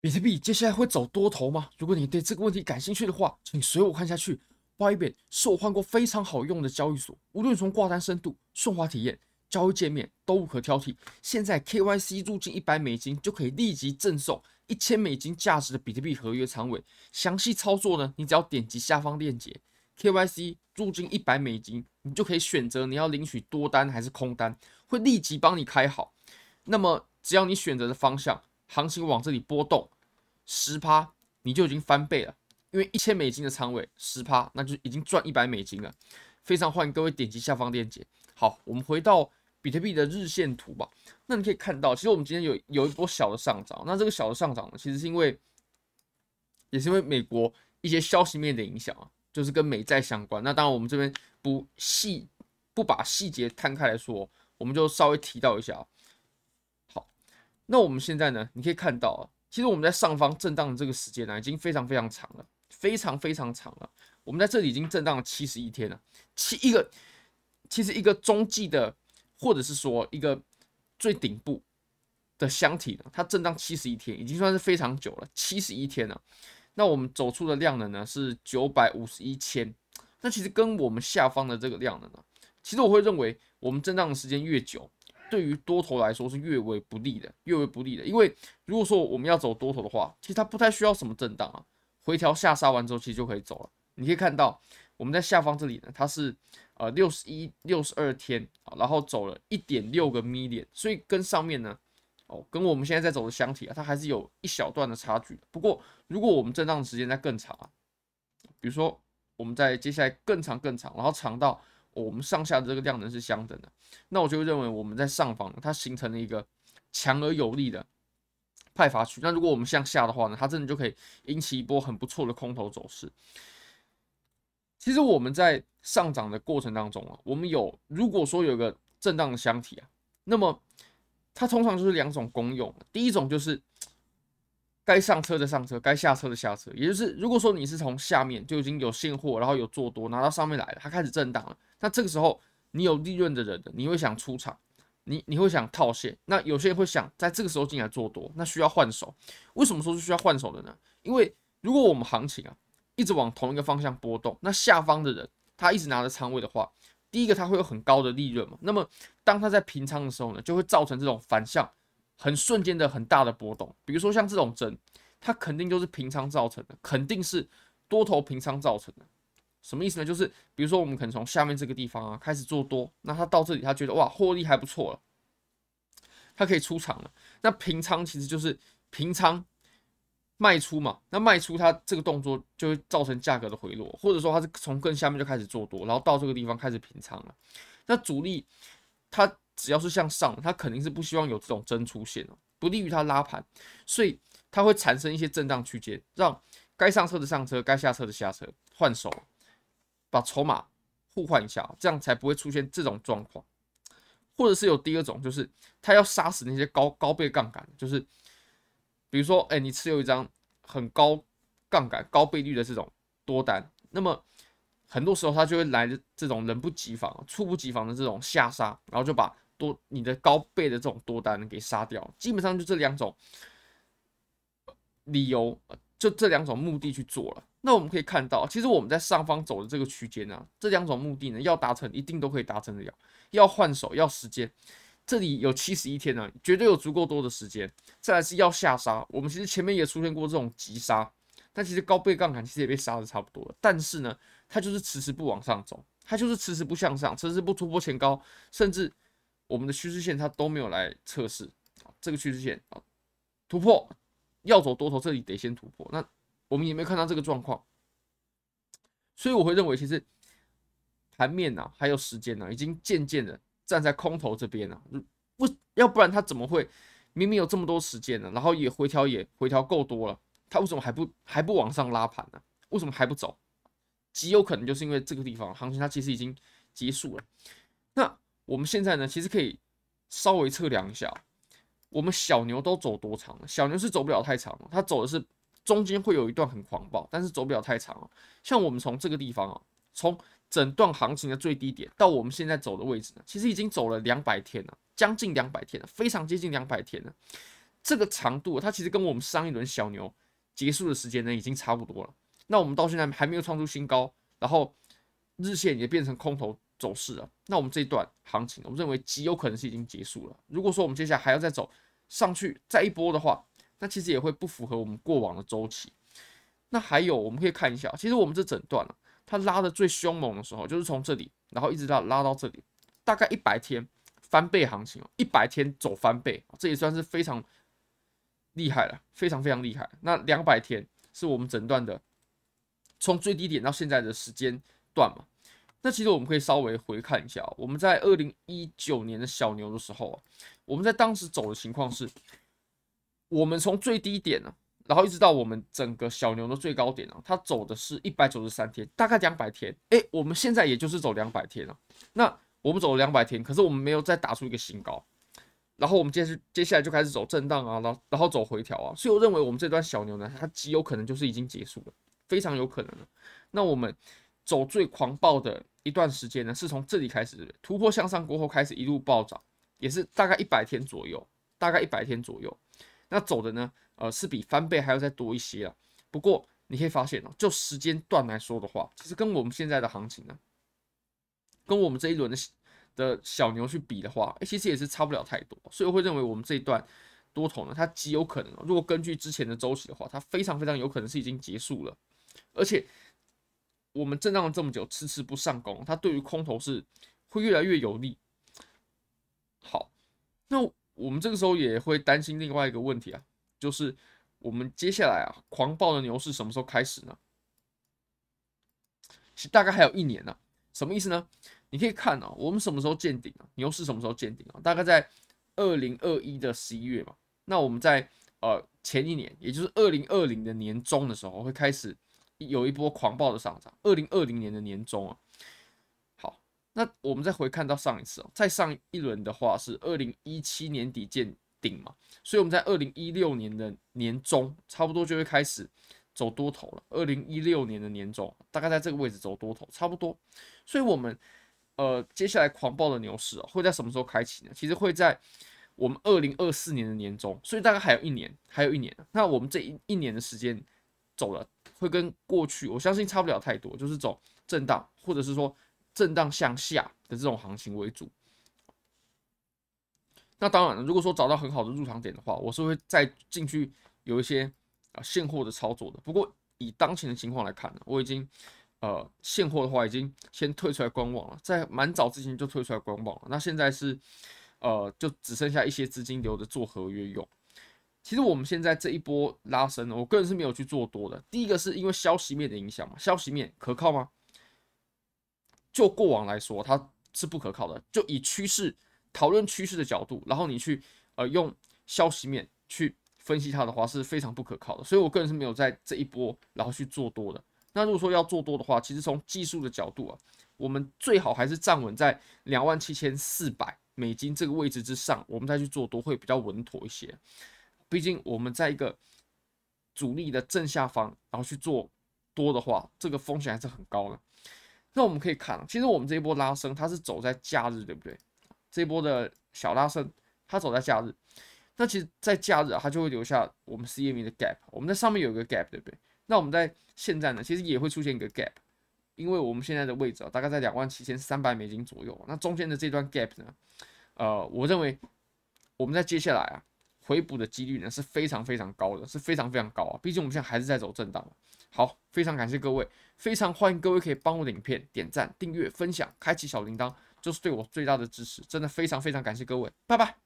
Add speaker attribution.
Speaker 1: 比特幣接下來會走多頭嗎？如果你對這個問題感興趣的話，請隨我看下去。Bybit 是我換過非常好用的交易所，無論從掛單深度、順滑體驗、交易界面都無可挑剔。現在 KYC 入金一百美金就可以立即贈送一千美金價值的比特幣合約倉位。詳細操作呢，你只要點擊下方鏈接，KYC 入金一百美金，你就可以選擇你要領取多單還是空單，會立即幫你開好。那麼只要你選擇的方向。行情往這裡波動十趴，你就已經翻倍了，因為一千美金的倉位十趴，那就已經賺一百美金了。非常歡迎各位點擊下方鏈接。好，我們回到比特幣的日線圖吧。那你可以看到，其實我們今天有有一波小的上漲。那這個小的上漲呢，其實是因為也是因為美國一些消息面的影響啊，就是跟美債相關。那當然，我們這邊不細不把細節攤開來說，我們就稍微提到一下。那我們現在呢？你可以看到啊，其實我們在上方震盪的這個時間呢，啊，已經非常非常長了，非常非常長了。我們在這裡已經震盪了七十一天了，七一個其實一個中繼的，或者是說一個最頂部的箱體呢，它震盪七十一天，已經算是非常久了，七十一天了。那我們走出的量能呢是九百五十一千，那其實跟我們下方的這個量能呢，其實我會認為我們震盪的時間越久。對於多頭來說是越為不利的，越為不利的，因為如果說我們要走多頭的話，其實它不太需要什麼震盪啊，回調下殺完之後其實就可以走了。你可以看到我們在下方這裡呢，它是呃六十一、六十二天，然後走了一點六個 million，所以跟上面呢，哦，跟我們現在在走的箱體啊，它還是有一小段的差距。不過如果我們震盪的時間再更長啊，比如說我們在接下來更長、更長，然後長到。我們上下的這個量能是相等的，那我就會認為我們在上方它形成了一個強而有力的派發區。那如果我們向下的話呢，它真的就可以引起一波很不錯的空頭走勢。其實我們在上漲的過程當中啊，我們有如果說有個震盪的箱體啊，那麼它通常就是兩種功用，第一種就是該上車的上車，該下車的下車，也就是如果說你是從下面就已經有現貨，然後有做多拿到上面來了，它開始震盪了。那這個時候，你有利潤的人，你會想出場，你你會想套現。那有些人會想在這個時候進來做多，那需要換手。為什麼說是需要換手的呢？因為如果我們行情啊一直往同一個方向波動，那下方的人他一直拿着倉位的話，第一個他會有很高的利潤嘛。那麼當他在平倉的時候呢，就會造成這種反向很瞬間的很大的波動。比如說像這種針，他肯定就是平倉造成的，肯定是多頭平倉造成的。什麼意思呢？就是比如說，我們可能從下面這個地方啊開始做多，那他到這裡，他覺得哇，獲利還不錯了，他可以出場了。那平倉其實就是平倉賣出嘛。那賣出它這個動作就會造成價格的回落，或者說它是從更下面就開始做多，然後到這個地方開始平倉了。那主力他只要是向上，他肯定是不希望有這種針出現的，不利於他拉盤，所以它會產生一些震盪區間，讓該上車的上車，該下車的下車換手。把籌碼互換一下，這樣才不會出現這種狀況，或者是有第二種，就是他要殺死那些高高倍槓桿，就是比如說，哎、欸，你持有一張很高槓桿、高倍率的這種多單，那麼很多時候他就會來這種人不及防、猝不及防的這種下殺，然後就把多你的高倍的這種多單給殺掉，基本上就這兩種理由，就這兩種目的去做了。那我們可以看到，其實我們在上方走的這個區間呢，這兩種目的呢，要達成，一定都可以達成的。要要換手，要時間，這裡有七十一天呢，啊，絕對有足夠多的時間。再來是要下殺，我們其實前面也出現過這種急殺，但其實高倍槓桿其實也被殺的差不多了。但是呢，它就是遲遲不往上走，它就是遲遲不向上，遲遲不突破前高，甚至我們的趨勢線它都沒有來測試。這個趨勢線啊，突破要走多頭，這裡得先突破。那我們有沒有看到這個狀況？所以我會認為，其實盤面呢、啊、還有時間呢、啊，已經漸漸的站在空頭這邊了。嗯，不要不然他怎麼會明明有這麼多時間呢、啊？然後也回調，也回調夠多了，他為什麼還不還不往上拉盤呢、啊？為什麼還不走？極有可能就是因為這個地方行情它其實已經結束了。那我們現在呢，其實可以稍微測量一下，我們小牛都走多長了？小牛是走不了太長了，它走的是。中間會有一段很狂暴，但是走不了太長哦。像我們從這個地方啊，從整段行情的最低點到我們現在走的位置呢，其實已經走了兩百天了，將近兩百天了，非常接近兩百天了。這個長度啊，它其實跟我們上一輪小牛結束的時間呢，已經差不多了。那我們到現在還沒有創出新高，然後日線也變成空頭走勢了。那我們這一段行情，我認為極有可能是已經結束了。如果說我們接下來還要再走上去再一波的話，那其實也會不符合我們過往的周期。那還有，我們可以看一下，其實我們這整段啊，它拉得最凶猛的時候，就是從這裡，然後一直到拉，拉到這裡，大概一百天翻倍行情啊，一百天走翻倍，這也算是非常厲害了，非常非常厲害。那兩百天是我們診斷的，從最低點到現在的時間段嘛。那其實我們可以稍微回看一下，我們在二零一九年的小牛的時候，我們在當時走的情況是。我們從最低點呢、啊，然後一直到我們整個小牛的最高點呢、啊，它走的是一百九十三天，大概兩百天。哎，我們現在也就是走兩百天了、啊。那我們走了兩百天，可是我們沒有再打出一個新高，然後我們接着接下來就開始走震盪啊，然後然後走回調啊。所以我認為我們這段小牛呢，它極有可能就是已經結束了，非常有可能了。那我們走最狂暴的一段時間呢，是從這裡開始，突破向上過後開始一路暴漲，也是大概一百天左右，大概一百天左右。那走的呢，呃，是比翻倍還要再多一些了。不過你可以發現哦，就時間段來說的話，其實跟我們現在的行情呢，跟我們這一輪的的小牛去比的話，欸，其實也是差不了太多。所以我會認為我們這一段多頭呢，它極有可能喔，如果根據之前的週期的話，它非常非常有可能是已經結束了。而且我們震盪了這麼久，遲遲不上攻，它對於空頭是會越來越有利。好，那。我們這個時候也會擔心另外一個問題啊，就是我們接下來啊，狂暴的牛市什麼時候開始呢？其實大概還有一年呢、啊。什麼意思呢？你可以看啊、哦，我們什麼時候見頂啊？牛市什麼時候見頂啊？大概在二零二一的十一月嘛。那我們在呃前一年，也就是二零二零的年中的時候，會開始有一波狂暴的上漲。二零二零年的年中啊。那我們再回看到上一次、哦、再上一輪的話是二零一七年底見頂嘛，所以我們在二零一六年的年中，差不多就會開始走多頭了。二零一六年的年中大概在這個位置走多頭，差不多。所以，我們呃接下來狂暴的牛市、哦、會在什麼時候開啟呢？其實會在我們二零二四年的年中。所以大概還有一年，還有一年。那我們這一一年的時間走了，會跟過去我相信差不了太多，就是走震盪，或者是說。震盪向下的這種行情為主。那當然了，如果說找到很好的入場點的話，我是會再進去有一些啊、呃、現貨的操作的。不過以當前的情況來看呢，我已經呃現貨的話已經先退出來觀望了，在蠻早之前就退出來觀望了。那現在是呃就只剩下一些資金留着做合約用。其實我們現在這一波拉升，我個人是沒有去做多的。第一個是因為消息面的影響嘛，消息面可靠嗎？就過往來說，它是不可靠的。就以趨勢討論趨勢的角度，然後你去呃用消息面去分析它的話，是非常不可靠的。所以，我個人是沒有在這一波然後去做多的。那如果說要做多的話，其實從技術的角度啊，我們最好還是站穩在兩萬七千四百美金這個位置之上，我們再去做多會比較穩妥一些。畢竟我們在一個阻力的正下方，然後去做多的話，這個風險還是很高的。那我們可以看，其實我們這一波拉升，它是走在假日，對不對？這一波的小拉升，它走在假日。那其實，在假日啊，它就會留下我們 CME 的 gap，我們在上面有一個 gap，對不對？那我們在現在呢，其實也會出現一個 gap，因為我們現在的位置啊，大概在兩萬七千三百美金左右。那中間的這段 gap 呢，呃，我認為我們在接下來啊。回補的幾率呢是非常非常高的，是非常非常高啊！畢竟我們現在還是在走震盪。好，非常感謝各位，非常歡迎各位可以幫我的影片點讚、訂閱、分享、開啟小鈴鐺，就是對我最大的支持。真的非常非常感謝各位，拜拜。